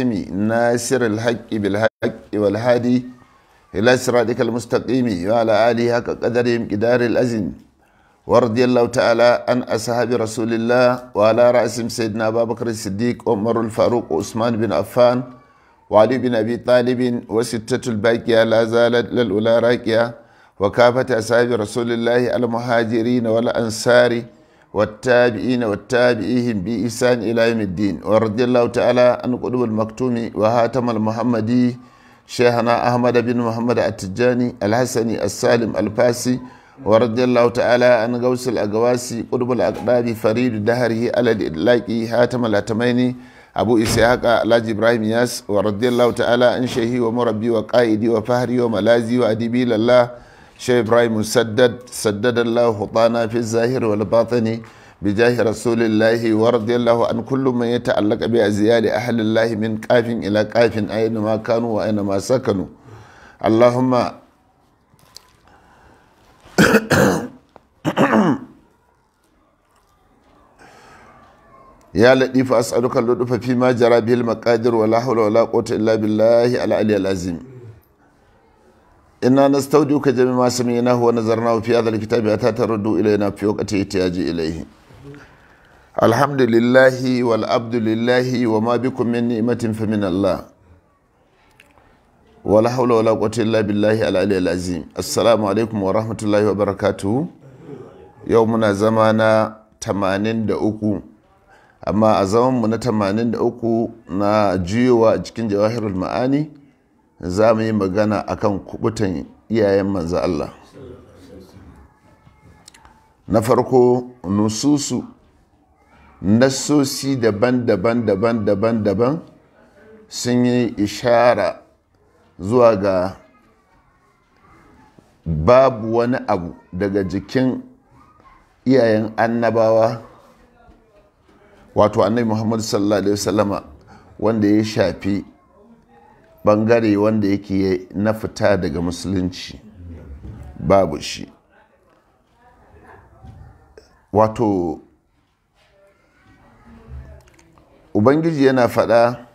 المستقيم ناصر الحق بالحق والهادي إلى صراطك المستقيم وعلى آله حق قدرهم قدار الأزم ورضي الله تعالى عن أصحاب رسول الله وعلى رأسهم سيدنا أبا بكر الصديق عمر الفاروق وعثمان بن عفان وعلي بن أبي طالب وستة الباقية لا زالت للأولى راكية وكافة أصحاب رسول الله المهاجرين والأنصار والتابعين والتابعيهم بإحسان إلى يوم الدين ورضي الله تعالى عن قلوب المكتوم وهاتم المحمدي شيخنا أحمد بن محمد التجاني الحسني السالم الفاسي ورضي الله تعالى عن غوث الأقواسي قلوب الأقدار فريد دهره على الإطلاق هاتم الأتمين أبو إسحاق الحاج إبراهيم ياس ورضي الله تعالى عن شيخي ومربي وقائدي وفهري وملازي وأديبي لله شيخ إبراهيم سدد سدد الله خطانا في الظاهر والباطن بجاه رسول الله ورضي الله عن كل من يتعلق بأزيال أهل الله من كاف إلى كاف أينما كانوا وأينما سكنوا اللهم يا لطيف أسألك اللطف فيما جرى به المقادير ولا حول ولا قوة إلا بالله العلي العظيم إنا نستودعك جميع ما سمعناه ونظرناه في هذا الكتاب حتى ترد إلينا في وقت احتياج إليه الحمد لله والعبد لله وما بكم من نعمة فمن الله ولا حول ولا قوة إلا بالله العلي العظيم السلام عليكم ورحمة الله وبركاته يومنا زمانا تمانين دعوكو أما zamanmu من تمانين دعوكو jiyowa a cikin jawahirul ma'ani za mu yi magana a kan kubutan iyayen manzo Allah na farko nususu nasosi daban-daban daban-daban daban sun yi ishara zuwa ga babu wani abu daga jikin iyayen annabawa wato annabi muhammadu sallallahu alaihi wasallama wanda ya shafi bangare wanda yake na fita daga musulunci babu shi wato ubangiji yana fada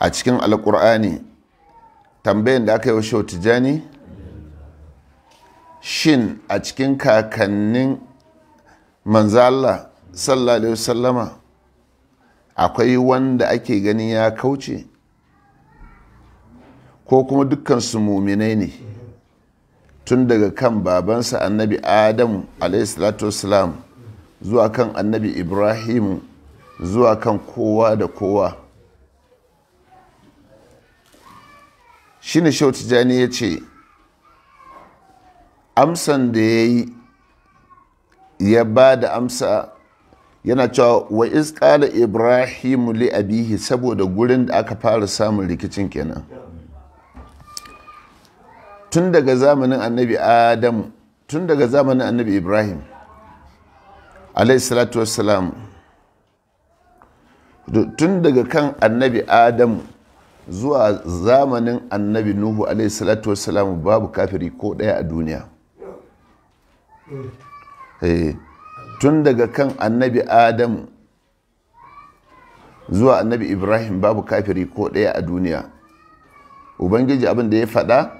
a cikin alkur'ani tambayin da aka yi wa tijani shin a cikin kakannin manzala sallallahu alaihi wasallama akwai wanda ake ganin ya kauce ko kuma su muminai ne tun daga kan babansa annabi adamu a.s.w. zuwa kan annabi ibrahimu zuwa kan kowa da kowa shi ne tijjani ya ce amsan da ya yi ya ba da amsa yana cewa wa isƙala ibrahim li abihi saboda gurin da aka fara samun rikicin kenan tun daga zamanin annabi adam tun daga zamanin annabi ibrahim alaihissalatu wassalam tun daga kan annabi adam zuwa zamanin annabi nuhu alaihissalatu wassalam babu kafiri ko ɗaya a duniya hey. Eh. tun daga kan annabi adamu zuwa annabi ibrahim babu kafiri ko ɗaya a duniya ubangiji abin da ya faɗa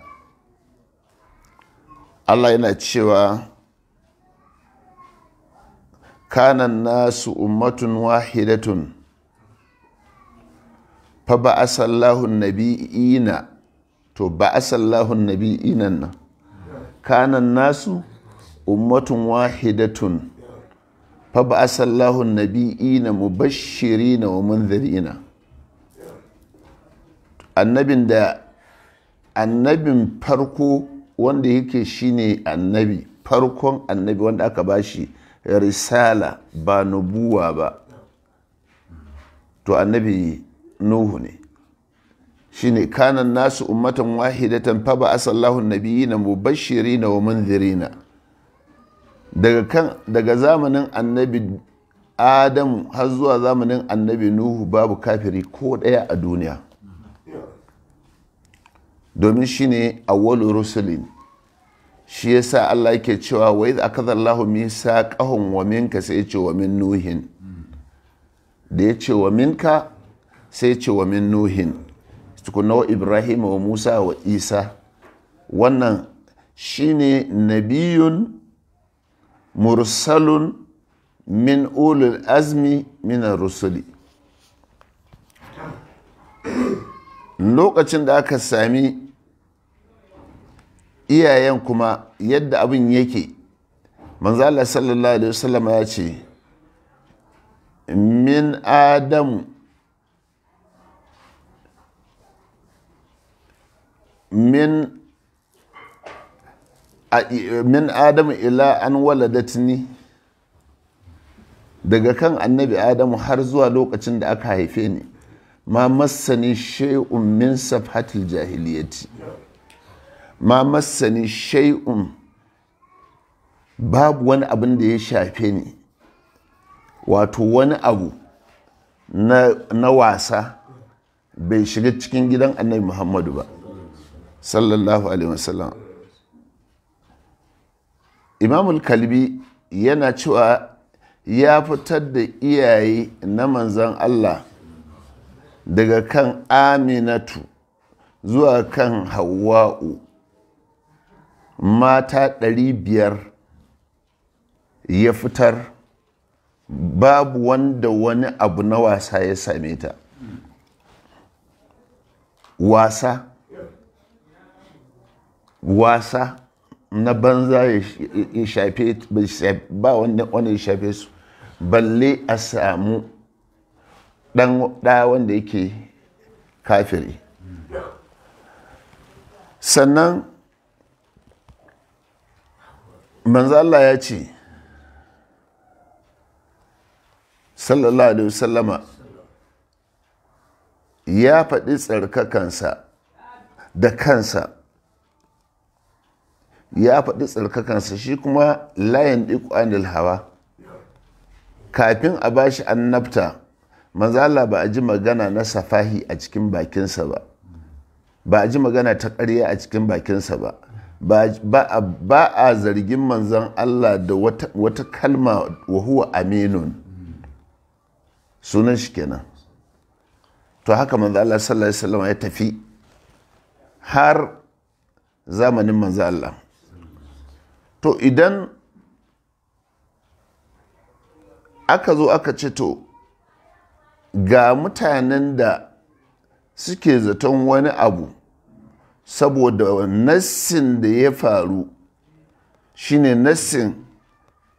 allah yana cewa kanan nasu ummatun wahidatun fa ba a sallahun nabi'ina to ba a sallahun nabi'inan nan kanan nasu ummatun wahidatun fa ba asallahu nabi'ina mubashirina wa munzirina annabin da annabin farko wanda yake shine annabi farkon annabi wanda aka bashi risala ba nubuwa ba to annabi nuhu ne shine kanan nasu ummatan wahidatan fa ba asallahu nabiyina mubashirina wa munzirina daga zamanin annabi adamu har zuwa zamanin annabi nuhu babu kafiri ko daya a duniya domin shi ne a awwalu rusulin shi ya sa Allah ke cewa wai a akadha Allahu misaqahum wa minka sai ce wa min nuhin da ya ce wa minka sai ce wa min nuhin tukuna wa Ibrahim wa Musa wa Isa wannan shi shine nabiyun mursalun min ulul azmi minar rusuli lokacin da aka sami iyayen kuma yadda abin yake manzala sallallahu alaihi wasallam ya ce min adamu min min adam ila an ni daga kan annabi adamu har zuwa lokacin da aka haife ni ma massani shay'un min safhatil jahiliyati ma massani shay'un babu wani abin da ya shafe ni wato wani abu na, na wasa bai shiga cikin gidan annabi muhammadu ba sallallahu alaihi wasallam imamul kalbi yana cewa ya fitar da iyaye na manzan allah daga kan aminatu zuwa kan hawa'u mata ɗari biyar ya fitar babu wanda wani abu na wasa ya same ta wasa na banza ya shafe ba wanda ya shafe su balle a samu dan da wanda yake kafiri sannan manzo Allah ya ce sallallahu alaihi wasallama ya faɗi tsarkakansa da kansa ya faɗi tsarkakansa shi kuma layin ɗiku hawa kafin a ba shi annabta manzala ba a ji magana na safahi a cikin bakinsa ba ba a ji magana ta ƙarya a cikin bakinsa ba ba a zargin manzan Allah da wata kalma wa huwa aminun sunan shi kenan to haka manzan Allah sallallahu alaihi ya tafi har zamanin manzan Allah to idan aka zo aka ce to ga mutanen da suke zaton wani abu saboda nassin da ya faru shine nassin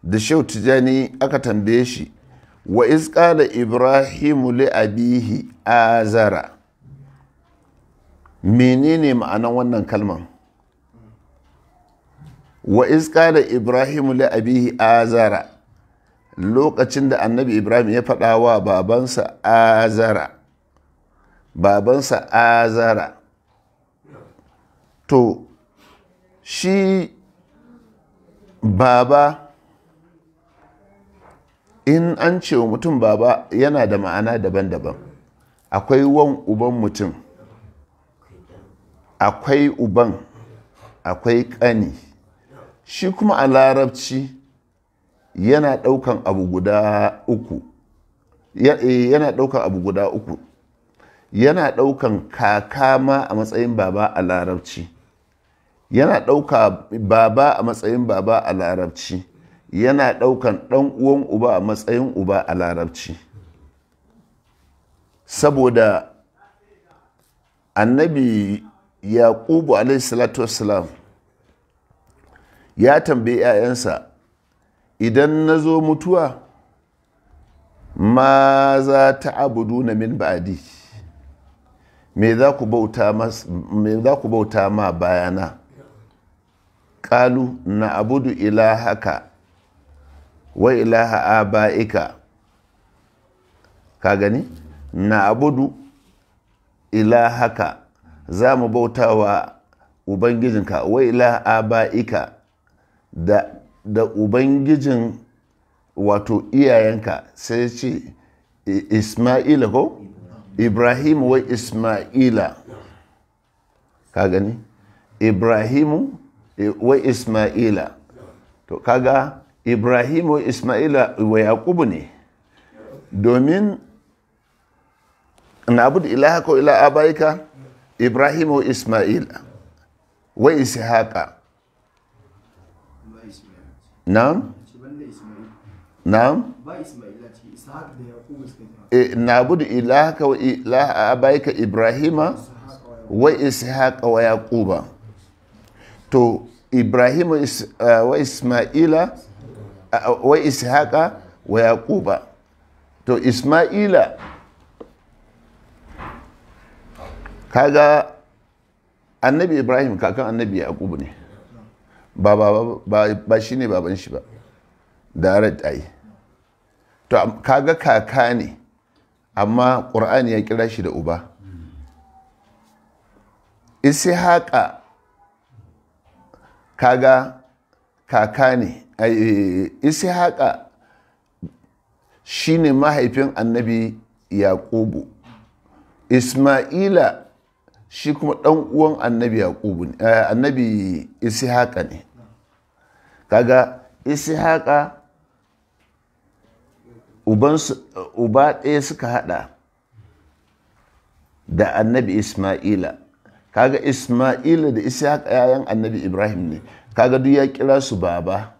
da shehu tijani aka tambaye shi wa iska da ibrahimu li abihi azara menene ma'anan wannan kalman wa iska da ibrahim la'abihi abihi azara lokacin da annabi ibrahim ya faɗa wa babansa azara babansa zara. to shi baba in an ce wa mutum baba yana da ma'ana daban-daban akwai wan uban mutum akwai uban akwai ƙani shi kuma a larabci yana ɗaukan abu guda uku eh, yana ɗaukan abu guda uku yana daukan kaka ma a matsayin baba a larabci yana ɗauka baba a matsayin baba a larabci yana ɗaukan ɗan uwan uba a matsayin uba a larabci saboda annabi yaqubu alaihi salatu wassalam ya tambayi 'ya'yansa idan na zo mutuwa ma za ta abudu na min ba'adi me za ku bauta ma bayana ƙalu na abudu ilahaka wa ilaha aba'ika ka gani na abudu ilahaka za mu bauta wa ubangijinka wa ilaha aba'ika da da ubangijin wato iyayenka sai ce isma'ila ko ibrahim wai isma'ila ka gani ibrahimu eh, wa isma'ila to kaga ibrahimu wa isma'ila wa yakubu ne domin na abu ilaha ko ila abaika ibrahimu wa isma'ila wa haka? na'am na'am e, na budu ilahaka wa ilaha abaika ibrahima wa ishaqa wa yaquba to ibrahima uh, wa isma'ila uh, wa ishaqa wa yaquba to isma'ila kaga annabi ibrahim kakan annabi yaqubu ne ba ba ba shi ne baban shi ba direct ai to kaga kaka ne amma ƙur'ani ya kira shi da uba ishaqa kaga kaka ne ishaqa shine mahaifin annabi yaqubu isma'ila shi kuma ɗan uwan annabi yaqubu ne eh, annabi ishaqa ne kaga ishaqa uba ɗaya suka haɗa da annabi isma'ila kaga isma'ila da ishaqa yayan annabi ibrahim ne kaga duk ya kira su baba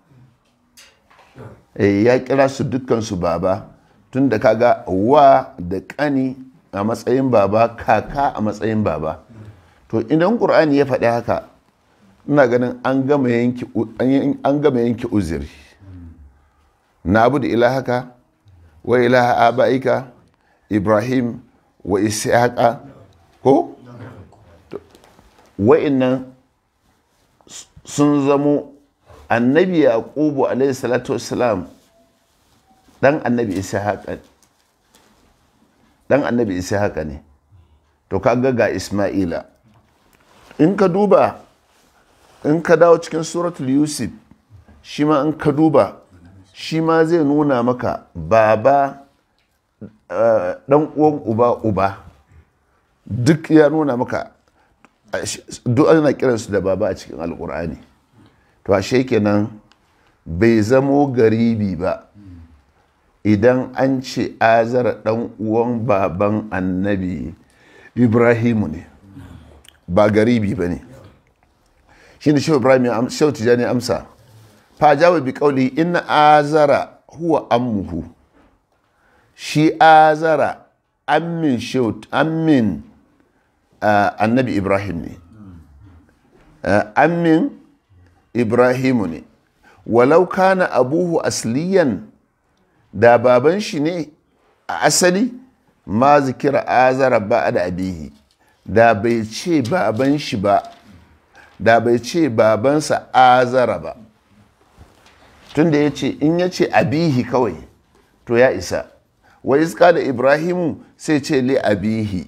eh, ya kira su dukkan su baba Tunda da kaga wa da ƙani a matsayin baba kaka a matsayin baba to idan ƙur'ani ya faɗi haka ina ganin an gama yanki uziri na abu da ilahaka wa ilaha aba'ika ibrahim wa ishaqa ko wa'innan sun zamo annabi yaqubu alaihi salatu wassalam dan annabi ishaqa dan annabi isa haka ne to kaga ga isma'ila in ka duba in ka dawo cikin suratul yusuf shi ma in ka duba shi ma zai nuna maka baba eh, dan uwan uba uba duk ya nuna maka duk ana kiransu da baba a cikin alkur'ani to ashe kenan bai zamo garibi ba idan an ce azar ɗan uwan baban annabi ibrahimu ne ba garibi ba ne shi ne shi ibrahim shau tijani amsa fa jawa bi kauli ina azara huwa ammuhu shi azara ammin shaut ammin ah, annabi ibrahim ne ah, ammin ibrahimu ne walau kana abuhu asliyan da baban shi ne a asali ma zikira azara ba da abihi da bai ce baban shi ba da bai ce babansa azara ba tunda ya ce in ya ce abihi kawai to ya isa wa iska da ibrahimu sai ce li abihi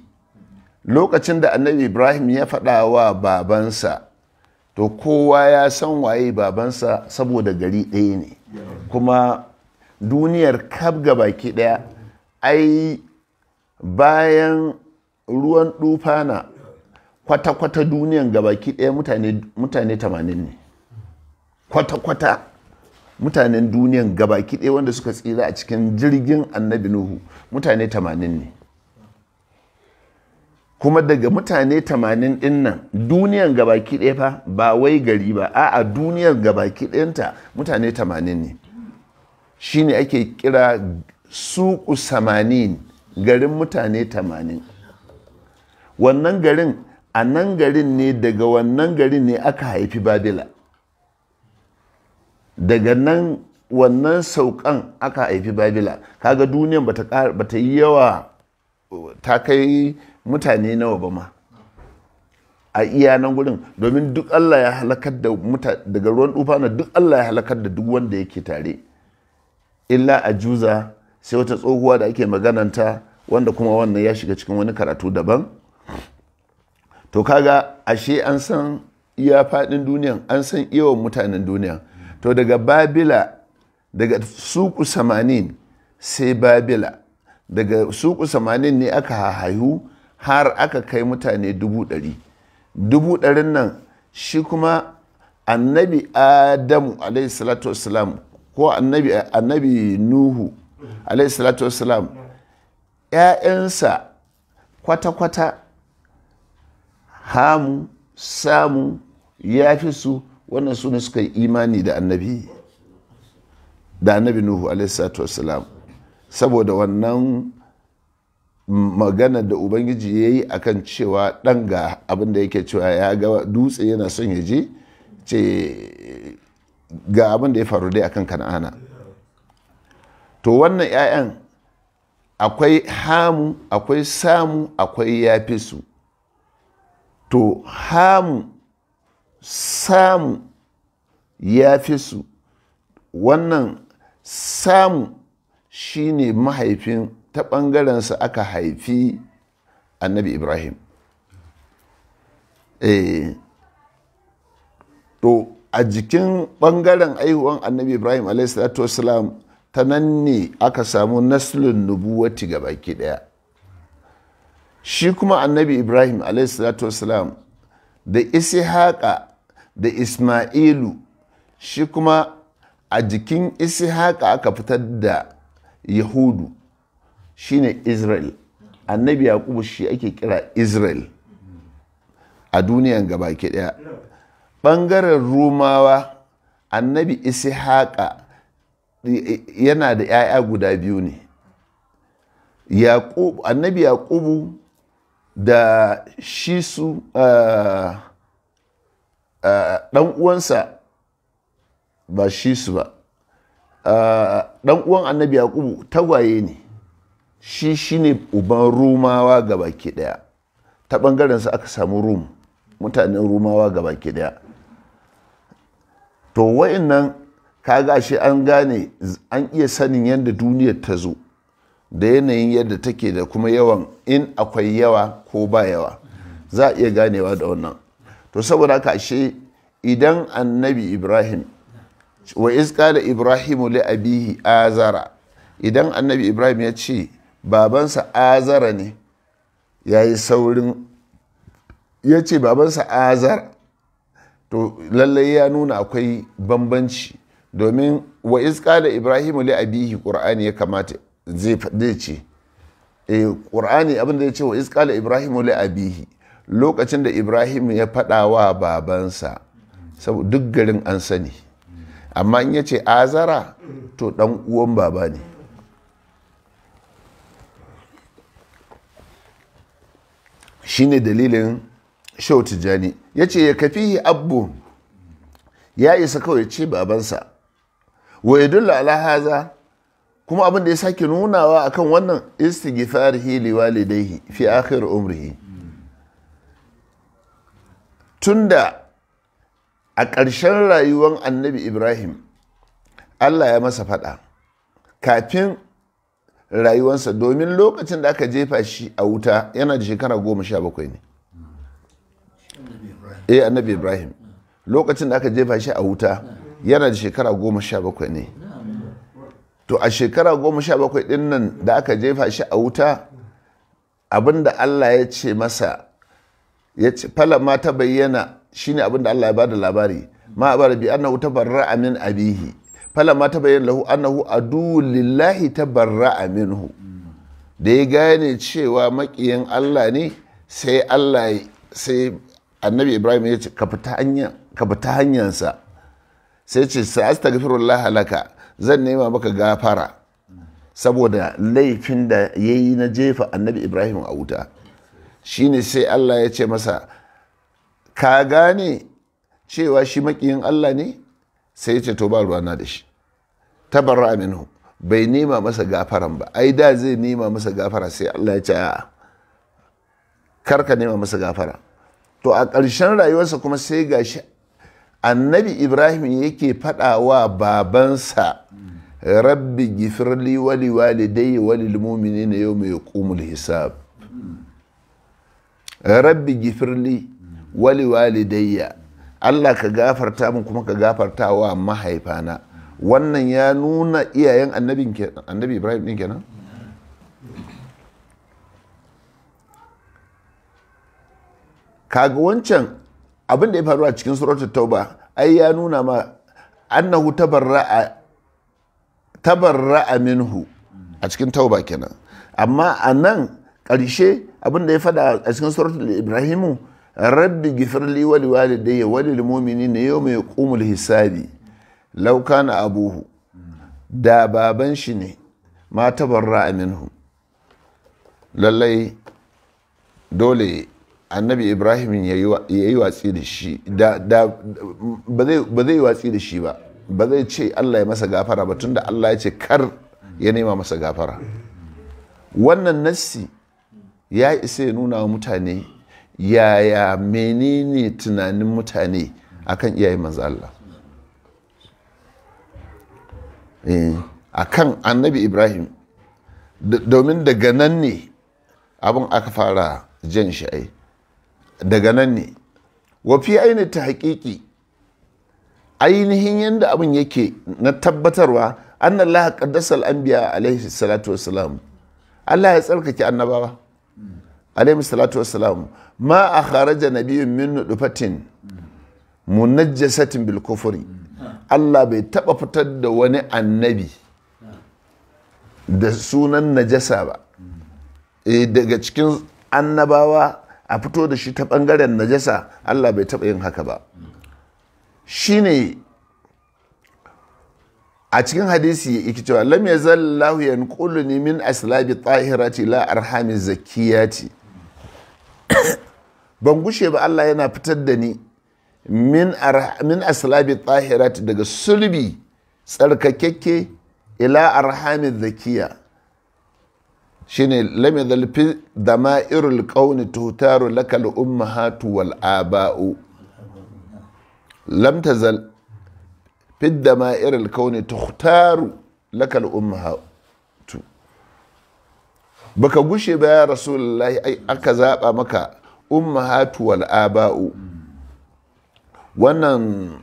lokacin da annabi ibrahim ya faɗa wa babansa to kowa ya san waye babansa saboda gari ɗaya ne kuma duniyar kaf baki daya ai bayan ruwan dufana kwata-kwata duniyan gabaki daya mutane tamanin ne kwata-kwata mutanen duniyan gabaki daya wanda suka tsira a cikin jirgin annabi nuhu mutane tamanin ne kuma daga mutane 80 din duniyar duniyan gabaki daya fa ba wai gari ba a'a duniyar gabaki ɗayanta mutane 80 ne ne ake kira suku samanin garin mutane tamanin wannan garin a nan garin ne daga wannan garin ne aka haifi babila daga nan wannan saukan aka haifi babila kaga duniyan ta yi yawa ta kai mutane nawa ba ma a iya nan gurin domin duk allah ya halakar da daga ruwan dufa na duk allah ya halakar da duk wanda yake tare illa a juza sai wata tsohuwa da ake magananta wanda kuma wannan ya shiga cikin wani karatu daban to kaga ashe an san iya faɗin duniyan an san yawan mutanen duniya. to daga babila daga suku samanin sai babila daga suku samanin ne aka haihu har aka kai mutane dubu ɗari dubu ɗarin nan shi kuma annabi adamu alaihi salatu ko annabi annabi nuhu alaihi salatu wassalam ƴaƴansa kwata-kwata hamu samu ya fi su wannan su suka yi imani da annabi da annabi nuhu alaihi salatu wassalam saboda wannan magana da ubangiji ya yi a kan cewa ɗan ga abin da yake cewa ya ga dutse yana son ya je ce ga abin da ya faru dai akan kan'ana to wannan 'ya'yan akwai hamu akwai samu akwai yafi su to hamu samu yafi su wannan samu shine mahaifin ta ɓangarensa aka haifi annabi ibrahim eh to a jikin ɓangaren aihuwan annabi ibrahim a.s.w. ta nan ne aka samu naslin nubuwati ga baki ɗaya shi kuma annabi ibrahim a.s.w. da ishaqa da ismailu shi kuma a jikin ishaqa aka fitar da yahudu shine israel annabi yaƙubu shi ake kira israel a duniyan gabaki ɗaya ɓangaren rumawa annabi ishaqa yana da 'ya'ya guda biyu ne annabi yaƙubu da shi su ɗan uwansa ba shi su ba ɗan uwan annabi yaƙubu tagwaye ne shi shi ne uban rumawa gabaki ɗaya ta ɓangarensa aka samu rum mutanen rumawa gabaki ɗaya to nan ka gashi an gane an iya sanin yadda duniyar ta zo da yanayin yadda take da kuma yawan in akwai yawa ko ba yawa za a iya ganewa da wannan to saboda haka ashe idan annabi ibrahim wa iska da ibrahimu li abihi azara idan annabi ibrahim ya ce babansa azara ne ya yi saurin ya ce babansa azara to lallai ya nuna akwai bambanci domin wa iska da ibrahimu li abihi qur'ani ya kamata zai ce E, qur'ani abin da ya ce wa iska da ibrahimu li abihi lokacin da Ibrahimu ya faɗa wa babansa saboda duk garin an sani amma in ya ce azara to dan uwan baba ne shine dalilin Shauti tijjani ya ce ya kafi abu ya isa kawai ce babansa Wai ya dulla ala haza kuma abin da ya sake nunawa akan wannan istighfarihi li fi akhir umrihi tunda a ƙarshen rayuwar annabi ibrahim allah ya masa faɗa kafin rayuwarsa domin lokacin da aka jefa shi a wuta yana da shekara goma sha bakwai ne eh annabi ibrahim lokacin da aka jefa shi a wuta yana da shekara goma sha bakwai ne to a shekara goma sha bakwai din nan da aka jefa shi a wuta abinda allah ya ce masa ya ce falama ta bayyana shine abinda allah ya bada labari ma a barabi annahu barra amin abihi falama ta bayyana lahu annahu adu lillahi tabarra'a minhu da ya gane cewa makiyan allah ne sai allah sai annabi ibrahim ya ce ka fita hanyarsa sai ce sa astaghfirullah lahalaka. zan nema maka gafara saboda laifin da ya yi na jefa annabi ibrahim a wuta shine sai allah ya ce masa ka gane cewa shi makiyin allah ne sai ya ce to ba ruwana da shi tabarra Aminu. bai nema masa gafaran ba ai da zai nema masa gafara sai allah ya ce Kar karka nema masa gafara to a ƙarshen rayuwarsa kuma sai gashi annabi ibrahim yake faɗa wa babansa rabbi gifirli wali wali lumumini na yau mai kumul hisab rabbi gifirli wali walidayya Allah ka gafarta min kuma ka gafarta wa mahaifana wannan ya nuna iyayen annabi Ibrahim ɗin kenan kaga wancan abin da ya faru a cikin suratul tauba ai ya nuna ma annahu tabarra'a tabarra'a minhu a cikin tauba kenan amma a nan ƙarshe abin da ya faɗa a cikin suratul ibrahimu rabbi gifirli wali walidayya wali limomini ne yau mai ƙumul hisabi lauka na abuhu da baban shi ne ma tabarraa minhu lallai dole annabi ibrahim ya yi watsi da shi ba zai yi watsi da shi ba ba zai ce allah ya masa gafara ba tunda allah ya ce kar ya nema masa gafara wannan nassi ya isa ya nuna wa mutane yaya menene tunanin mutane akan iyayen manzo allah eh, kan annabi ibrahim domin daga nan ne abin aka fara jan sha'ai daga nan ne wafi aini ta haƙiƙi ainihin yadda abin yake na tabbatarwa an Allah qaddasa al alaihi salatu wassalam Allah ya tsarkake annabawa alaihi salatu wassalam ma a kharaja nabiyyun min nudufatin munajjasatin bil kufri Allah bai taba fitar da wani annabi da sunan najasa ba eh, daga cikin annabawa a fito da shi ta ɓangaren najasa Allah bai taɓa yin haka ba Shi ne a cikin hadisi yake cewa lam yazal lahu yanquluni min aslabi tahirati la arhami zakiyati ban gushe ba Allah yana fitar da ni min aslabi tahirati daga sulbi tsarkakekke ila arhami zakiya shine lam yadhal fi dama'irul qawni tutaru lakal ummahatu wal aba'u lam tazal fi dama'irul qawni tutaru lakal ummahatu baka gushe ba ya rasulullahi ai aka zaba maka ummahatu wal aba'u wannan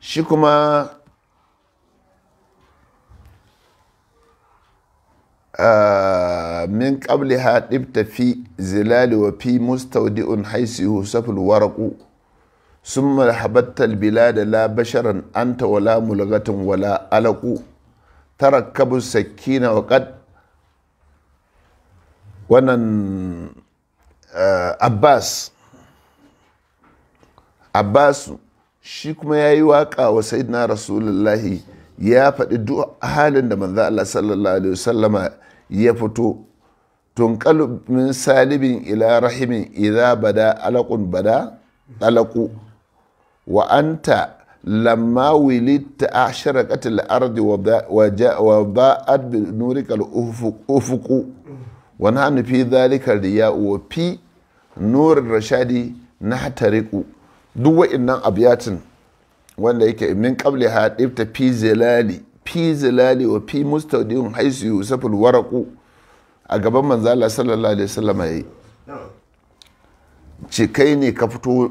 shi kuma min qabliha dibta fi zilali wa fi mustawdi'un haysi yusaful waraqu summa bila da la basharan anta wala mulgatan wala alaqu tarakkabu sakina wa qad wannan abbas abbas shi kuma ya yi waƙa wa sayyidina rasulullahi ya faɗi duk halin da manzo Allah sallallahu alaihi wasallama ya fito tun min salibin ila rahimin idza bada alaƙun bada alaqu wa anta lamma wilidta a al-ardi wa da'at bi nurika al-ufuqu wa nahnu fi dhalika riya'u wa fi nurin rashadi na nahtariqu duk wa'innan abyatin wanda yake min qabli ha dibta fi zilali fi zilali wa fi mustaudin haisu yusuful waraqu a gaban manzala sallallahu alaihi wasallam yayi ce kai ne ka fito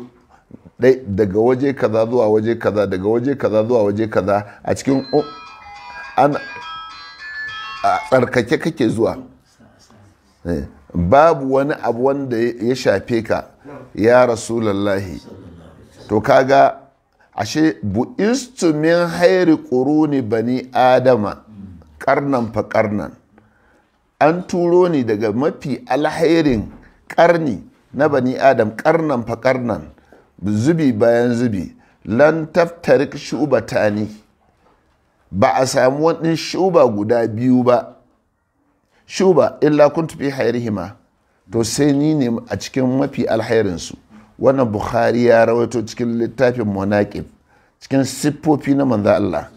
daga waje kaza zuwa waje kaza daga waje kaza zuwa waje kaza a cikin an a tsarkake kake zuwa eh, babu wani abu wanda ya shafe ka ya rasulallahi to kaga ashe istu min hairi ƙuruni bani adama karnan fa karnan an turo ni daga mafi alhairin karni na bani adam karnan fa karnan zubi bayan zubi lan taftarik ni ba a samu wani shuba guda biyu ba shuba illa kuntu fi hairihima to sai ni ne a cikin mafi alhairinsu wannan bukhari ya rawaito cikin littafin monaqib cikin siffofi na manzo Allah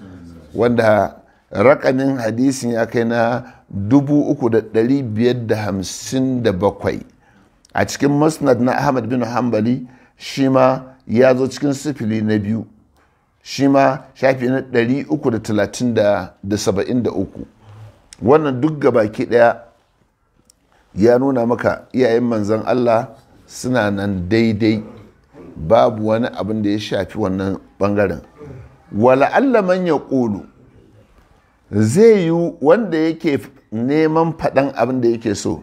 wanda rakamin hadisin ya kai na 3,557 a cikin musnad na ahmad bin hanbali shi ma ya zo cikin sifili na biyu shi ma shafi na 373 wannan duk ki daya ya nuna maka iyayen manzan Allah suna nan daidai babu wani abin da ya shafi wannan bangaren wala'alla man ya kulu zai yi wanda yake neman faɗan abin da yake so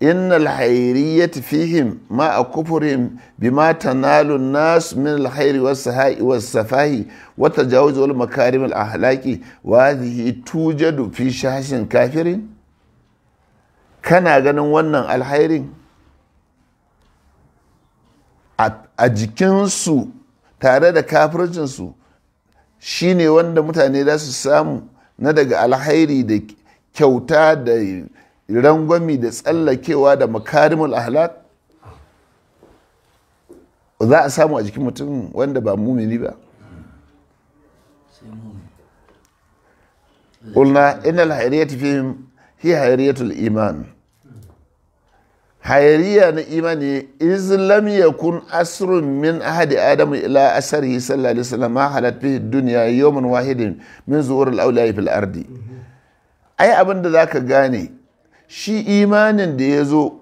innal hayriyati fihim ma a kufurin bima tanalu nas min alhayri was saha'i safahi wa tajawuz wal makarim al wa hadhihi tujadu fi shashin kafirin kana ganin wannan alhairin a jikinsu tare da kafircinsu shi ne wanda mutane za su samu na daga alhairi da kyauta da rangwami da tsallakewa da makarimul ahlak za a samu a jikin mutum wanda ba mumini ba ƙulna إن الحيرية فيهم hi hayariya na imani islam ya kun asirin min ahadi adamu ila asarihi sallallahu alaihi wasallam ma halat duniya dunya wahidin min zuwar al fil ardi ai abin da ka gane shi imanin da ya zo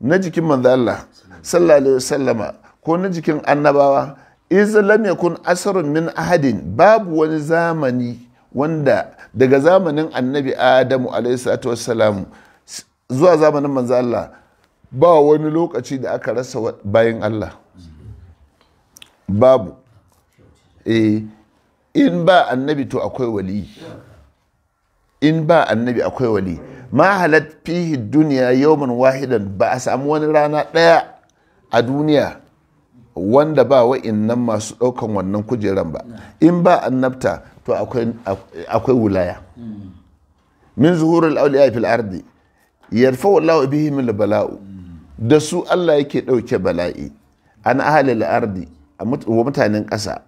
na jikin manzo sallallahu alaihi wasallam ko na jikin annabawa islam ya kun asirin min ahadin babu wani zamani wanda daga zamanin annabi adamu alaihi salatu zuwa zamanin manzo ba wani lokaci da aka rasa bayan Allah babu e, in ba annabi to akwai wali in ba annabi akwai wali ma halat fihi duniya yawman wahidan ba a samu wani rana ɗaya a duniya wanda ba wa'innan masu ɗaukan wannan kujeran ba in ba annabta to akwai wulaya min zuhurul auliya fil ardi yarfa wallahu bihim min bala'u da su Allah yake ɗauke bala'i an ahalil ardi wa mutanen ƙasa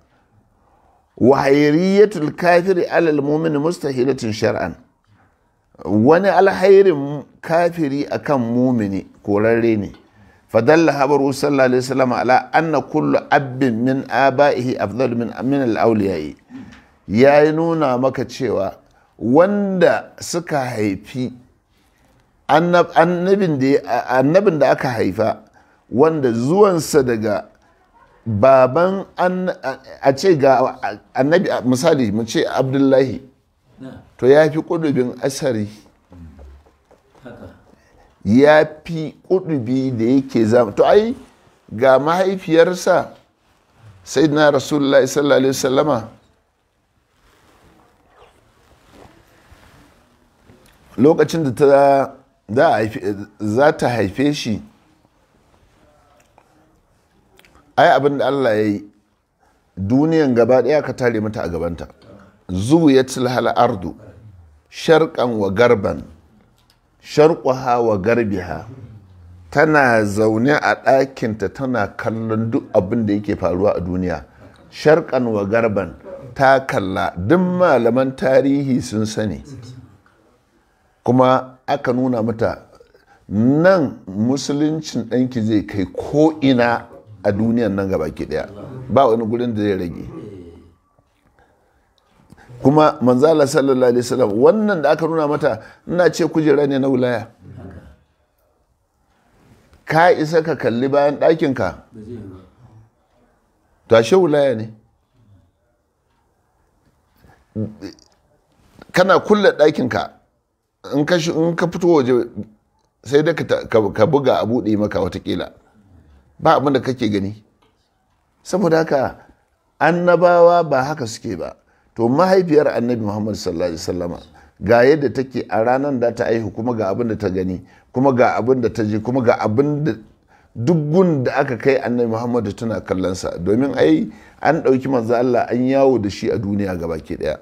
wa hayriyatul kafiri alal mumin mustahilatin shar'an wani alhairin kafiri akan mumini korarre ne fadalla habaru sallallahu alaihi wasallam ala anna kullu abin min abaihi afdal min min al-awliya'i yayi nuna maka cewa wanda suka haifi annabin da aka haifa wanda zuwansa daga baban a ce ga annabi misali mu ce abdullahi to ya fi kudubin asari ya fi kudubi da yake zama to ai ga mahaifiyarsa sai na rasulullahi sallallahu alaihi wasallama lokacin da ta za ta haife shi ai abin Allah ya yi duniyan gaba ɗaya ka tare mata a gabanta zuwa ya tilhal ardu sharƙan wa garban Sharkuha wa garbiha tana zaune a ɗakinta tana kallon duk abin da yake faruwa a duniya sharƙan wa garban ta kalla duk malaman tarihi sun sani kuma aka nuna mata nan musuluncin ɗanki zai kai ko ina a duniyan nan gaba ke ɗaya ba wani gurin da zai rage kuma manzala sallallahu alaihi wasallam wannan da aka nuna mata ina ce kujera ne na wilaya ka isa ka kalli bayan ɗakinka tashe wulaya ne kana kulle ɗakinka in ka fito waje sai da ka buga a buɗe maka watakila ba abin da kake gani saboda haka annabawa ba haka suke ba to mahaifiyar annabi muhammadu sallallahu alaihi wasallama ga yadda take a ranar da ta aihu kuma ga abin da ta gani kuma ga abin da ta ji kuma ga abin da duggun da aka kai annabi muhammadu tana kallonsa domin ai an ɗauki manzo Allah an yawo da shi a duniya gaba ke ɗaya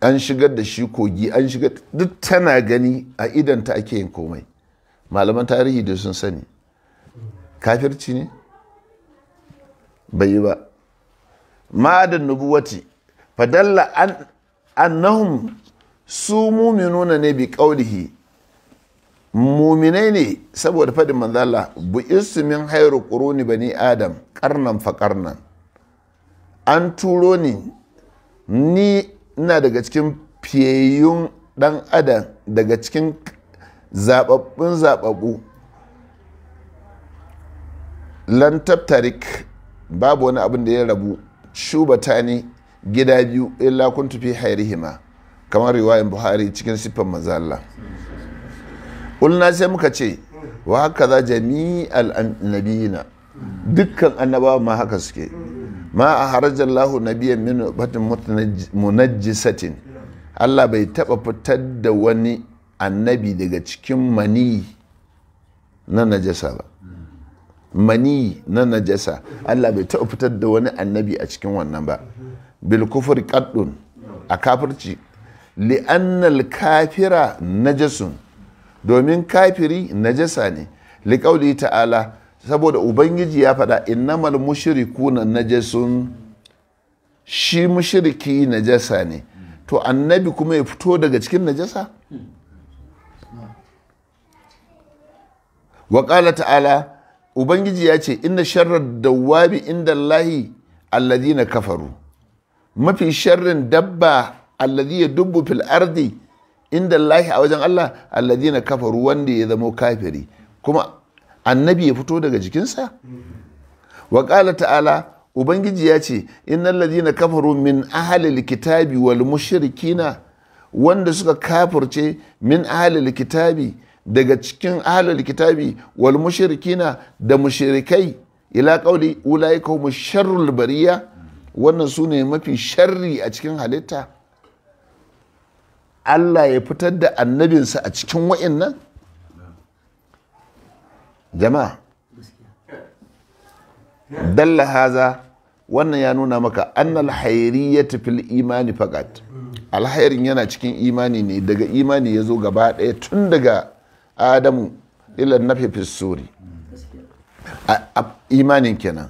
an shigar da shi kogi an shigar duk tana gani a idanta ake yin komai malaman tarihi da sun sani kafirci ne bai yi ba ma'adin nubuwati fadalla an annahum su muminuna ne bi kaulihi muminai ne saboda faɗin manzala bu isu min hairu ƙuruni bani adam karnan fa karnan an turo ni ni ina daga cikin fiyayyun dan adam daga cikin zababbun zababbu lan babu wani abin da ya rabu shubata ne gida biyu illa kun tufi hairihima kamar riwayan buhari cikin siffar mazalla ulna sai muka ce wa haka za jami'al annabiyina dukkan annabawa ma haka suke ma a harajar lahu biya min batin munajjisatin Allah bai taɓa fitar da wani annabi daga cikin mani na najasa ba mani na najasa Allah bai taɓa fitar da wani annabi a cikin wannan ba Bilkufur kufur a kafirci li'annal kafira najasun domin kafiri najasa ne liƙauli ta'ala saboda ubangiji ya faɗa innamal mushrikuna najasun shi mushriki najasa ne to annabi kuma ya fito daga cikin najasa wa ƙala ta'ala ubangiji ya ce inna sharar dawabi inda allahi na kafaru mafi sharrin dabba alladhi ya dubbu fil ardi inda allahi a wajen allah na kafaru wanda ya zamo kafiri kuma annabi ya fito daga jikinsa wa ta'ala ubangiji ya ce innal ladina kafaru min ahalil kitabi wal mushrikina wanda suka kafirce min ahalil kitabi daga cikin ahalil kitabi wal mushirikina da mushirikai. ila qauli ulaika hum sharrul bariya wannan su ne mafi sharri a cikin halitta Allah ya fitar da annabinsa a cikin wa'in nan jama'a dalla haza wannan ya nuna maka An alhairi ya tafi imani faqat alhairin yana cikin imani ne daga imani ya zo gaba ɗaya tun daga adamu ilan na fi suri imanin kenan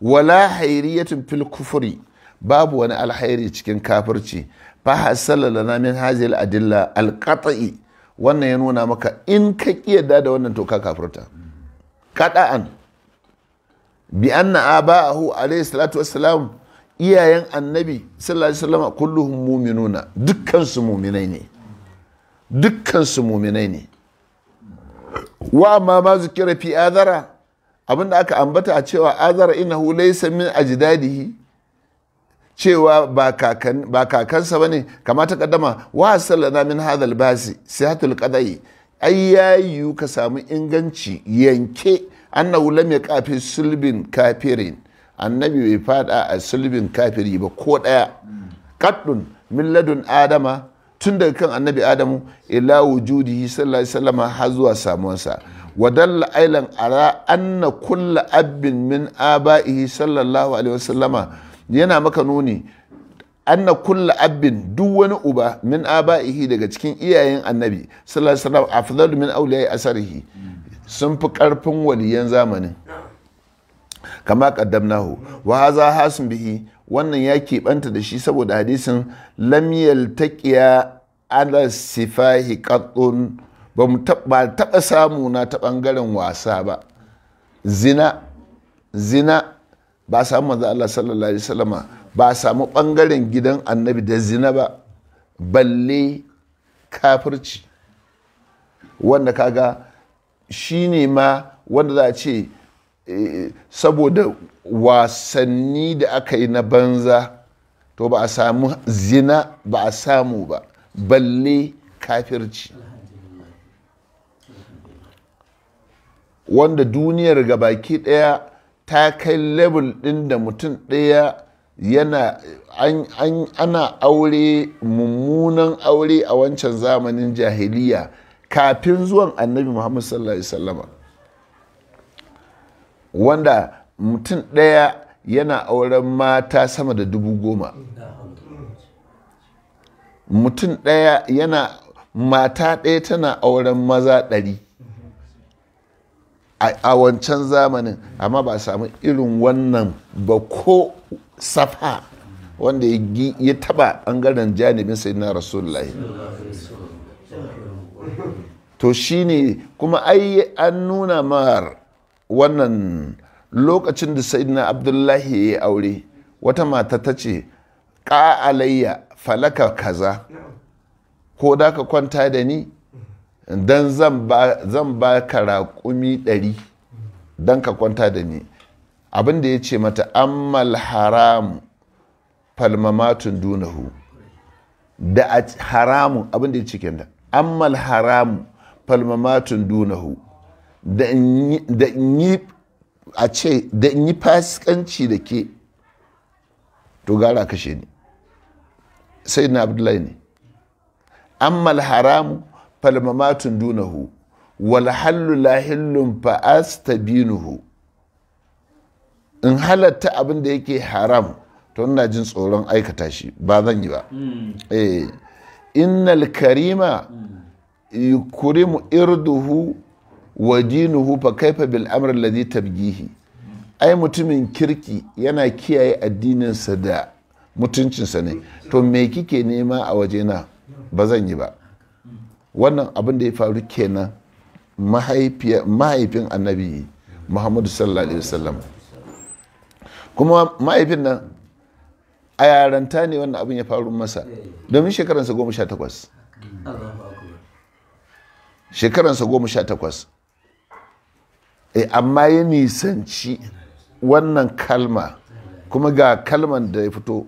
wala ya tafi kufuri babu wani alhairi cikin kafirci fa hasala na min hadhihi al adilla al wannan ya nuna maka in ka kiyada da wannan toka ka kafirta Kaɗa'an. bi anna aba'ahu alayhi salatu wassalam iyayen annabi sallallahu alaihi wasallam kulluhum mu'minuna dukkan mu'minai ne dukkan mu'minai ne wa amma ma zikira fi azara abinda aka ambata a cewa azara innahu laysa min ajdadihi cewa ba kakan ba kakansa bane kamata kaddama wa sallana min basi albasi sihatul qada'i ai ya yiwu ka samu inganci yanke annahu lam kafin sulbin kafirin annabi bai fada a sulbin kafiri ba ko daya kaddun min adama tun daga kan annabi adamu ila wujudi sallallahu alaihi wasallam har zuwa samuwarsa wadalla ailan ara anna kulla abin min aba'ihi sallallahu alaihi wasallama yana maka nuni anna kulla abin duk wani uba min aba'ihi daga cikin iyayen annabi sallallahu alaihi wasallam afdalu min awliyai asarihi sun fi karfin waliyan zamanin kama qaddamnahu wa hadha hasun bihi wannan ya keɓanta da shi saboda hadisin lam yaltaqiya ala sifahi qattun ba mu taɓa samu na ta ɓangaren wasa ba zina zina ba samu manzo Allah sallallahu alaihi wasallama ba a samu ɓangaren gidan annabi da zina ba balle kafirci wanda kaga shi ne ma wanda za a ce eh, saboda wasanni da aka yi na banza to ba a samu zina ba a samu ba balle kafirci wanda duniyar gabaki ɗaya ta kai level ɗin da mutum ɗaya yana an, an, ana aure mummunan aure a wancan zamanin jahiliya kafin zuwan annabi muhammad sallallahu alaihi wasallama wanda mutum ɗaya yana auren mata sama da dubu goma mutum ɗaya yana mata ɗaya tana auren maza ɗari a wancan zamanin amma ba samu irin wannan ba ko safa wanda ya taba ɓangaren janibin sayyidina rasulullah to shi ne kuma ai an nuna mar wannan lokacin da sayyidina abdullahi ya yi aure wata mata ta ce alayya falaka kaza ko da ka kwanta da ni don zan ba ka raƙumi ɗari don ka kwanta da ni abin da ya ce mata ammal Haram falmamatun dunahu da a haramu abin da ya ce kenan ammal haram falmamatun dunahu da in yi a ce da in yi fasikanci da ke to gara kashe ne. sai na abdullahi ne ammal haram falmamatun dunahu wal hallu lahillun binuhu in halatta abin da yake haram to ina jin tsoron aikata shi ba zan yi ba hmm. eh innal karima yukurimu irduhu wa dinuhu fa kaifa bil amr alladhi tabgihi ai mutumin kirki yana kiyaye addininsa da mutuncinsa ne to me kike nema a wajena ba zan yi ba wannan abin da ya faru kenan mahaifin annabi muhammadu sallallahu alaihi wasallam kuma mahaifin nan a yaranta ne wannan abin ya faru masa domin shekaransa goma sha takwas shekaransa goma sha takwas e amma ya nisanci wannan kalma kuma ga kalman da ya fito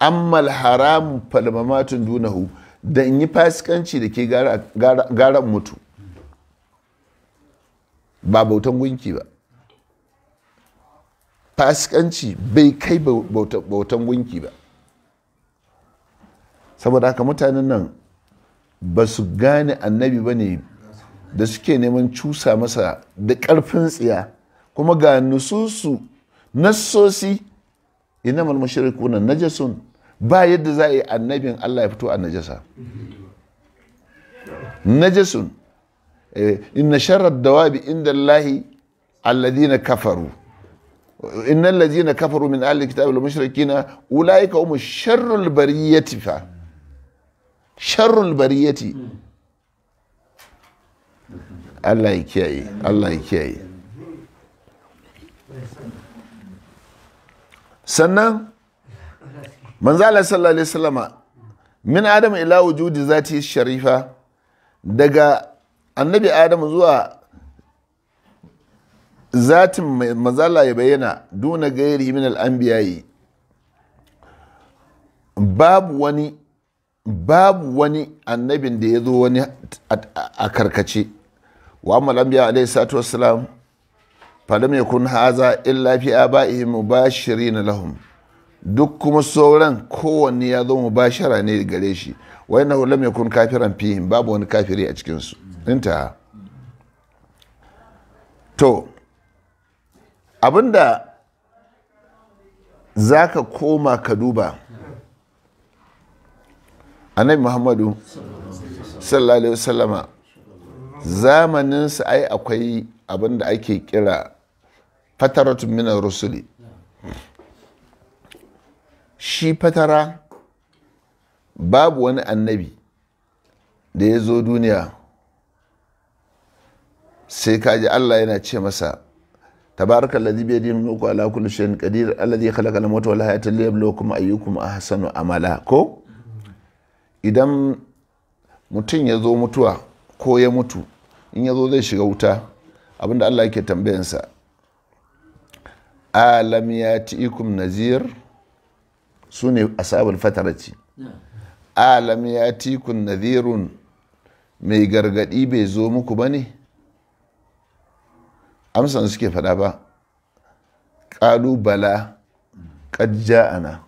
ammal haramun falmamatun dunahu da in yi fasikanci da ke gara mutu ba bautan gunki ba fasikanci bai kai bautan gunki ba saboda haka mutanen nan ba su gane annabi ba ne da suke neman cusa masa da ƙarfin tsiya kuma ga nususu nassosi ina malmashirar na najasun ba yadda za a yi annabin allah ya fito a najasa najasun eh, inna sharar dawabi inda allahi alladina kafaru innal ladzina kafaru min ahli kitabi wal mushrikina ulaika hum sharrul bariyati fa sharrul bariyati Allah ya kiyaye Allah ya kiyaye sannan manzo Allah sallallahu alaihi wasallama min adam ila zata yi sharifa daga annabi adam zuwa zatin mazala ya bayyana duna gairi min al'ambiyayi babu wani babu wani annabin da ya zo wani a karkace wa amma al'ambiya alaihi salatu wassalam ya kun haza in illa ba abaihim na lahum duk kuma sauran kowanne ya zo mubashara ne gare shi na hulam ya kun kafiran fihim babu wani kafiri a cikinsu inta to abinda za ka koma ka duba annabi muhammadu sallallahu alaihi wasallama zamaninsa ai akwai abinda ake kira fataratun minar rusuli shi fatara babu wani annabi da ya zo duniya sai kaji allah yana ce masa تبارك الذي بيده الملك على كل شيء قدير الذي خلق الموت والحياة ليبلوكم أيكم أحسن عملا كو idan mutum ya zo mutuwa ko ya mutu in ya zo zai shiga wuta abinda Allah ke tambayansa alam ya ci ikum nazir su ne asabul fataraci alam ya ci kun nazirun mai gargadi bai zo muku ba ne amsan suke faɗa ba ƙalu bala ƙajja'ana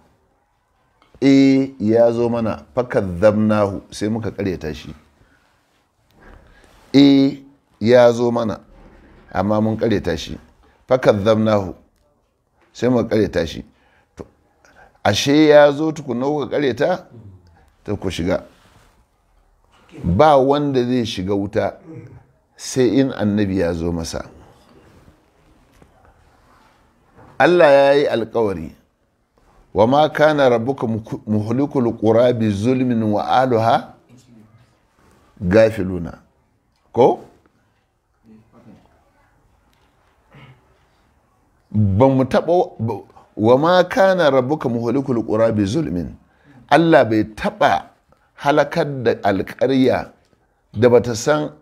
e eh, ya zo mana Fakar hu, sai muka karyata shi e ya zo mana amma mun karyata shi hu, sai muka karyata shi ashe ya zo tukuna kuka ta? ta ku shiga ba wanda zai shiga wuta sai in annabi ya zo masa Allah ya yi alkawari wa ma kana rabuka muhlikul ƙura bi zulmin wa aluha gafiluna ko ba mu taɓa wa ma kana rabuka muhlikul ƙura bi zulmin Allah bai taɓa halakar da alƙarya da bata san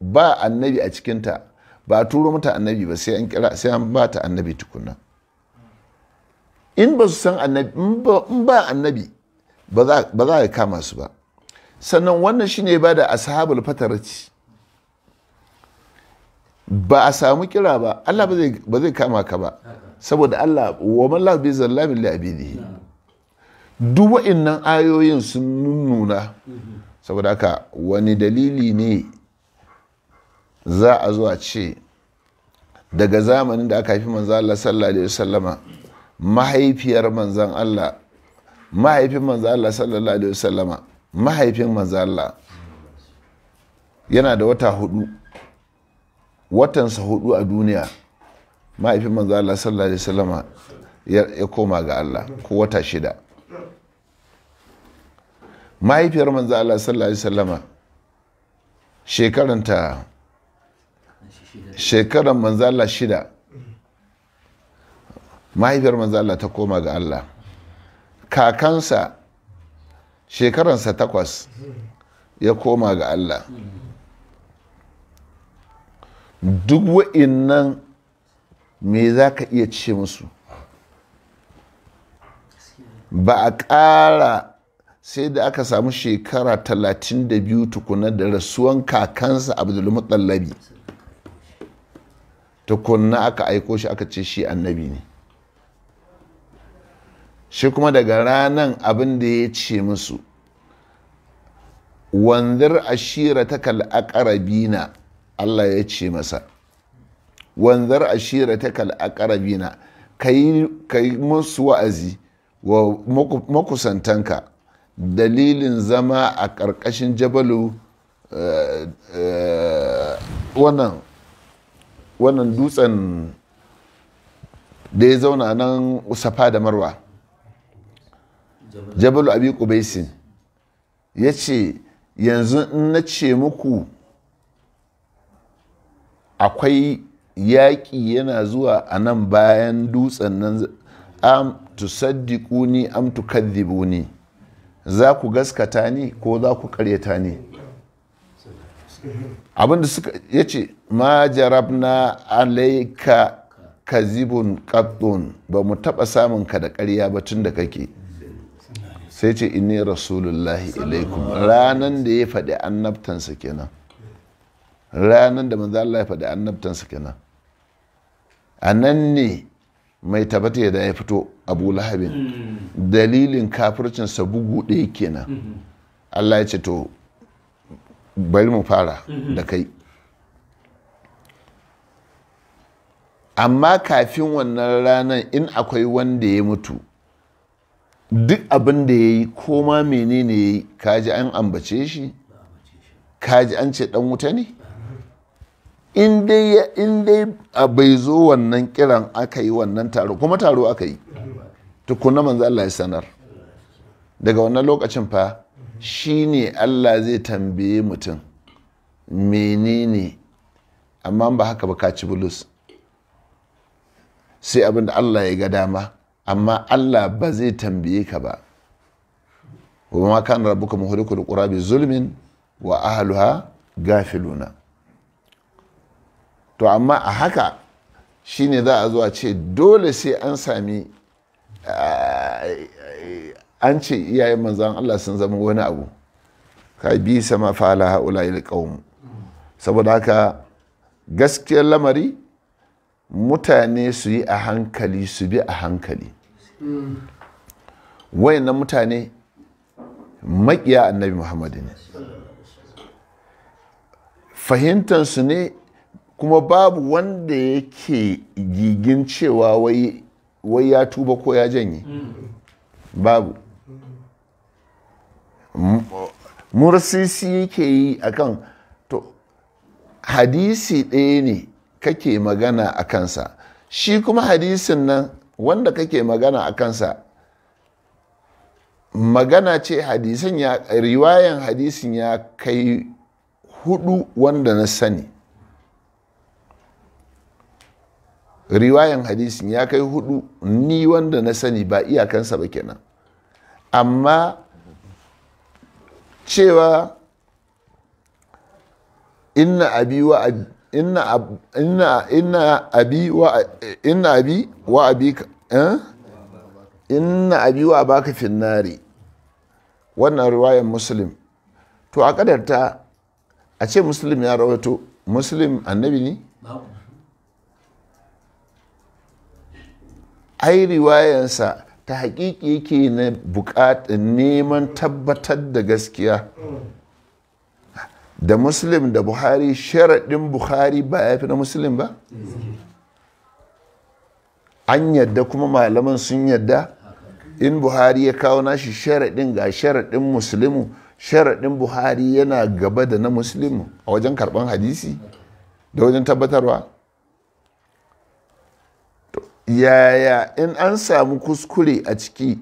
ba annabi a cikinta ba turo mata annabi ba sai an bata ba ta annabi tukunna in ba su san annabi in ba annabi ba za a kama su ba sannan wannan shine ba da ashabul fatarci ba a samu kira ba Allah ba zai kama ka ba saboda Allah wa man bi zallamin li abidihi duk wa'annan ayoyin sun nuna saboda haka wani dalili ne za a zo ce daga zamanin da aka haifi manzo Allah sallallahu alaihi wasallama mahaifiyar manzan Allah mahaifin manzan Allah sallallahu alaihi wasallama mahaifin manzan Allah yana da wata hudu watansa hudu a duniya mahaifin manzan Allah sallallahu alaihi wasallama ya koma ga Allah ko wata shida mahaifiyar manzan Allah sallallahu alaihi wasallama shekaranta shekaran manzan Allah shida mahaifiyar manzo Allah ta koma ga Allah kakansa shekaransa takwas ya koma ga Allah duk wa'innan me za ka iya ce musu ba a ƙara sai da aka samu shekara talatin da biyu tukuna da rasuwan kakansa abdulmuttallabi Tukuna aka aiko shi aka ce shi annabi ne shi kuma daga ranan abin da ya ce musu wanzir ashira ta kal'akarabina Allah ya ce masa wanzar ashira ta kal'akarabina ka yi musu wa'azi wa makusantanka dalilin zama a ƙarƙashin jabalu eh, eh, wannan dutsen da ya zauna nan safa da marwa jabalu abi Qubaisi, ya ce yanzu in na ce muku akwai yaƙi yana zuwa a nan bayan dutsen nan am tusaddiquni am tukadhibuni za ku gaskata ni ko za ku karyata ni abinda suka ya ma jarabna alaika kazibun qattun ba mu taɓa samun ka da ƙarya ba tun da kake sai ce inni rasulullahi ilaikum ranan da ya faɗi annabtansa kenan ranan da manzo Allah ya faɗi annabtansa kenan a nan ne mai tabbata da ya fito abu lahabin hmm. dalilin kafircinsa bugu ɗaya kenan hmm. Allah ya ce to bari mu fara hmm. da kai amma kafin wannan ranar in akwai wanda ya mutu duk abin da ya yi koma menene ya yi kaji an ambace shi kaji an ce dan wuta ne in dai bai zo wannan kiran aka yi wannan taro kuma taro aka yi tukuna manzo Allah ya sanar daga wannan lokacin fa shi ne Allah zai tambaye mutum menene amma ba haka ba kaci bulus sai abinda Allah ya ga dama amma Allah ba zai tambaye ka ba wa ma kan rabbuka muhlikul qura bi zulmin wa ahluha gafiluna to amma a haka shine za a zo a ce dole sai an sami an ce iyayen manzan Allah sun zama wani abu ka bi sama fa'ala haula ila qaum saboda haka gaskiyar lamari mutane su yi a hankali su bi a hankali na mutane makiya annabi muhammadu ne fahimtansu ne kuma babu wanda yake gigin cewa wai ya tuba ko ya janye babu mursisi yake yi akan to hadisi ɗaya ne kake magana a kansa shi kuma hadisin nan wanda kake magana a kansa magana ce hadisin ya riwayan hadisin ya kai hudu wanda na sani riwayan hadisin ya kai hudu ni wanda na sani ba iyakansa ba kenan amma cewa inna abi wa inna abi wa inna abi wa abika eh inna abi wa baka finnari wannan riwayar muslim to a kadarta a ce muslim ya rawaito muslim annabi ne ai riwayansa ta hakiki yake na bukatun neman tabbatar da gaskiya da muslim da buhari sharaɗin buhari ba ya fi na muslim ba an yadda kuma malaman sun yadda in buhari ya kawo nashi sharaɗin ga sharaɗin muslimu sharaɗin buhari yana gaba da na muslimu a wajen karɓan hadisi da wajen tabbatarwa yaya in an samu kuskure a ciki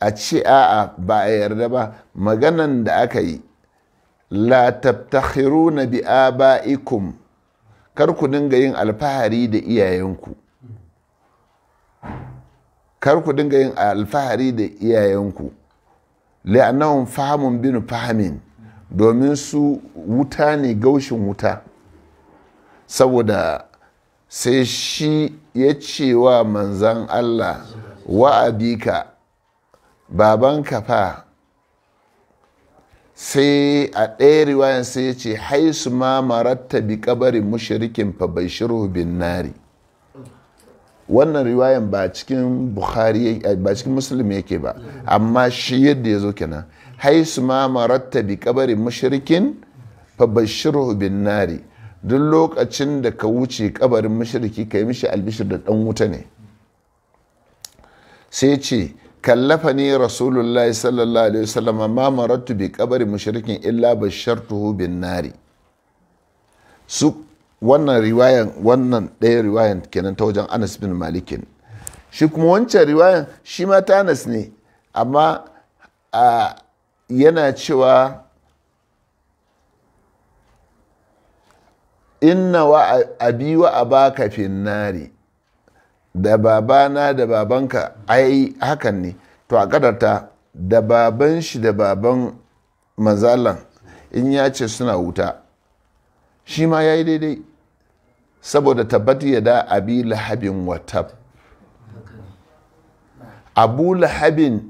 a ce a'a ba a yarda ba maganan da aka yi la tabtakhiruna bi aba'ikum kar ku dinga yin alfahari da iyayenku kar ku dinga yin alfahari da iyayenku la'annahum fahamun bin fahamin domin su wuta ne gaushin wuta saboda sai shi ya ce wa manzan Allah wa'abika babanka fa sai a ɗaya riwayan sai ya ce haisu ma maratta bi kabarin mushrikin fa shiru bin nari wannan riwayan ba cikin bukhari eh, ba cikin muslim yake ba amma shi yadda ya zo kenan haisu ma maratta bi kabarin mushrikin fa shiru bin nari duk lokacin da ka wuce ƙabarin mushriki ka yi mishi albishir da ɗan wuta ne sai ce kallafani rasulullahi sallallahu alaihi wasallam ma marattu bi kabari mushrikin illa bashartuhu bin nari su wannan wannan ɗaya riwayan kenan ta wajen Anas bin Malikin shi kuma wancan riwaya shi matanas ne amma yana cewa inna wa abi wa abaka fin nari da babana da babanka ai hakan ne to a kadarta da baban shi da baban mazalan in ya ce suna wuta shi ma ya yi daidai saboda tabbati ya da abi lahabin wata abu lahabin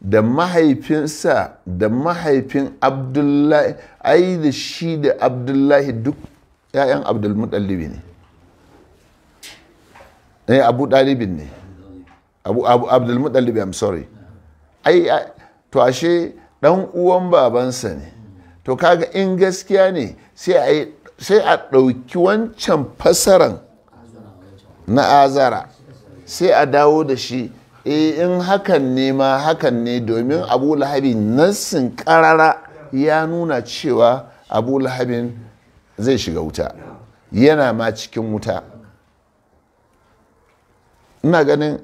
da mahaifinsa da mahaifin abdullahi ai da shi da abdullahi duk 'ya'yan abdulmuɗallibi ne eh abu dalibin ne abu abu abdul mutallib i'm sorry ai to ashe dan uwan babansa ne to kaga in gaskiya ne sai a ɗauki wancan fasaran na azara sai a dawo da shi eh, in hakan ne ma hakan ne domin abu lahabi nassin karara ya nuna cewa abu lahabin zai shiga wuta yana ma cikin wuta ina ganin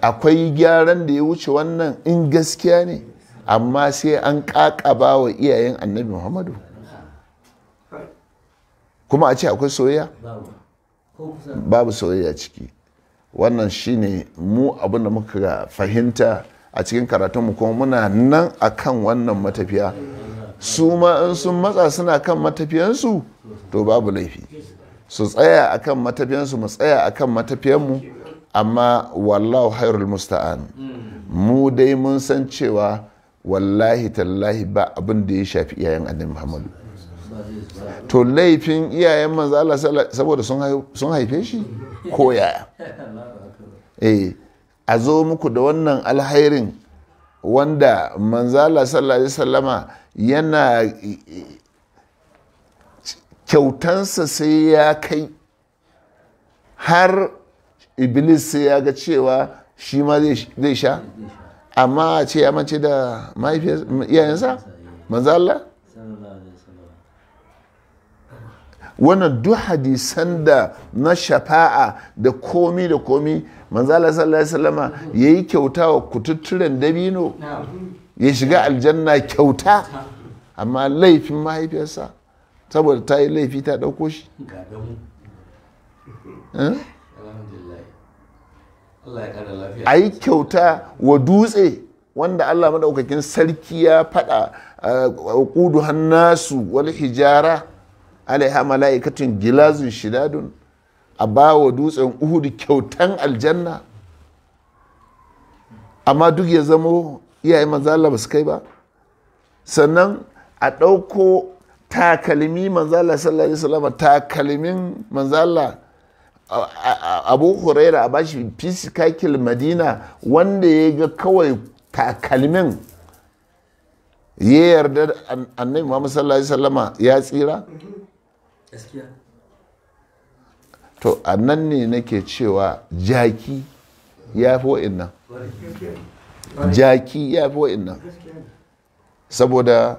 akwai gyaran da ya wuce wannan in gaskiya ne amma sai an kakaba wa iyayen annabi muhammadu kuma a ce akwai soyayya babu soyayya ciki wannan shine mu abin da muka fahimta a cikin karatunmu kuma muna nan akan wannan matafiya su ma in sun matsa suna kan matafiyansu to babu laifi su tsaya akan matafiyansu mu tsaya akan matafiyanmu amma wallahu hairul musta'an mu dai mun san cewa wallahi tallahi ba abin da ya shafi iyayen annabi muhammadu to laifin iyayen manzo Allah saboda sun haife shi ko yaya eh a zo muku da wannan alhairin wanda manzo Allah sallallahu alaihi wasallama yana kyautansa sai ya kai har iblis sai ya ga cewa shi ma zai sha amma a ce ya mace da iyayensa manzo Allah wannan duk hadisan da na shafa'a da komi da komi manzo Allah sallallahu alaihi wasallama yayi kyauta wa kututturen dabino ya shiga aljanna kyauta amma laifin mahaifiyarsa saboda ta yi laifi ta ɗauko shi a yi kyauta wa dutse wanda Allah maɗaukakin sarki ya faɗa eh, ƙudu hannasu wal hijara alaiha mala'ikatun gilazun shidadun a ba wa dutsen uhudu kyautan aljanna amma duk ya zamo iyaye manzo Allah ba su kai ba sannan a ɗauko takalmi manzo Allah sallallahu alaihi wasallam takalmin manzo Allah abu huraira a bashi fisikakil madina wanda ya ga kawai takalmin ya yarda annabi muhammad sallallahu alaihi sallama ya tsira to a nan ne nake cewa jaki ya fi nan?" jaki ya fi nan?" saboda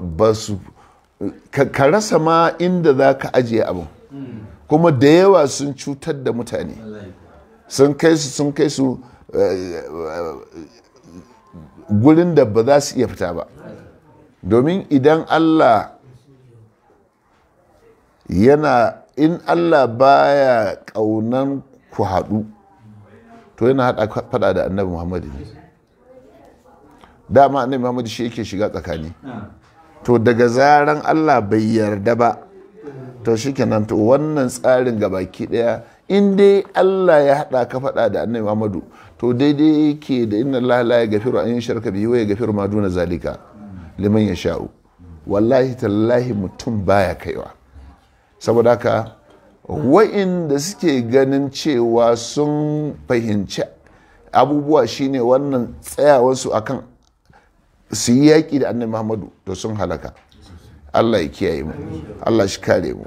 ba su ka rasa ma inda za ka ajiye abu. Hmm. kuma da yawa sun cutar da mutane sun kai su sun kai su eh, gurin da ba za su iya fita ba domin idan allah yana in allah baya ƙaunan ku haɗu to yana haɗa faɗa da annabi muhammadu ne dama annabi muhammadu shi yake shiga tsakani to daga zaran allah bai yarda ba to kenan to wannan tsarin gabaki daya in dai Allah ya hada ka fada da annabi Muhammadu to daidai yake da inna Allah la yaghfiru an yushraka bihi wa yaghfiru ma duna zalika liman yasha'u wallahi tallahi mutum baya kaiwa saboda haka wa'inda suke ganin cewa sun fahimci abubuwa shine wannan tsayawarsu akan su yi yaƙi da annabi Muhammadu to sun halaka Allah ya kiyaye mu Allah shi kare mu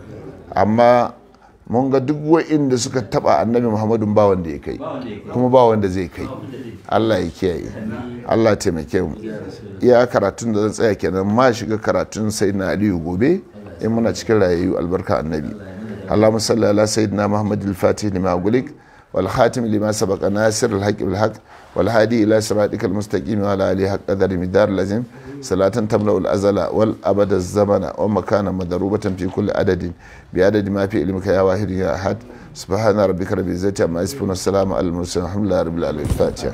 amma mun ga duk wa'inda suka taba annabi Muhammadu ba wanda ya kai kuma ba wanda zai kai Allah ya kiyaye Allah taimake mu iya karatun da zan tsaya kenan ma shiga karatun sai na Aliyu gobe in muna cikin rayayyu albarka annabi اللهم صل gulik wal khatim lima sabaqa nasir al-haqq bil haqq wal hadi ila siratikal mustaqim wa ala آله haqq قدر midar lazim salatan tamla ul azala wal abada zamana wa makana madarubatan fi kulli adadin bi adadi ma fi ilmika ya wahid ya ahad subhana rabbika rabbil izzati amma yasifun wassalamu alal mursalin alhamdulillahi rabbil alamin fatiha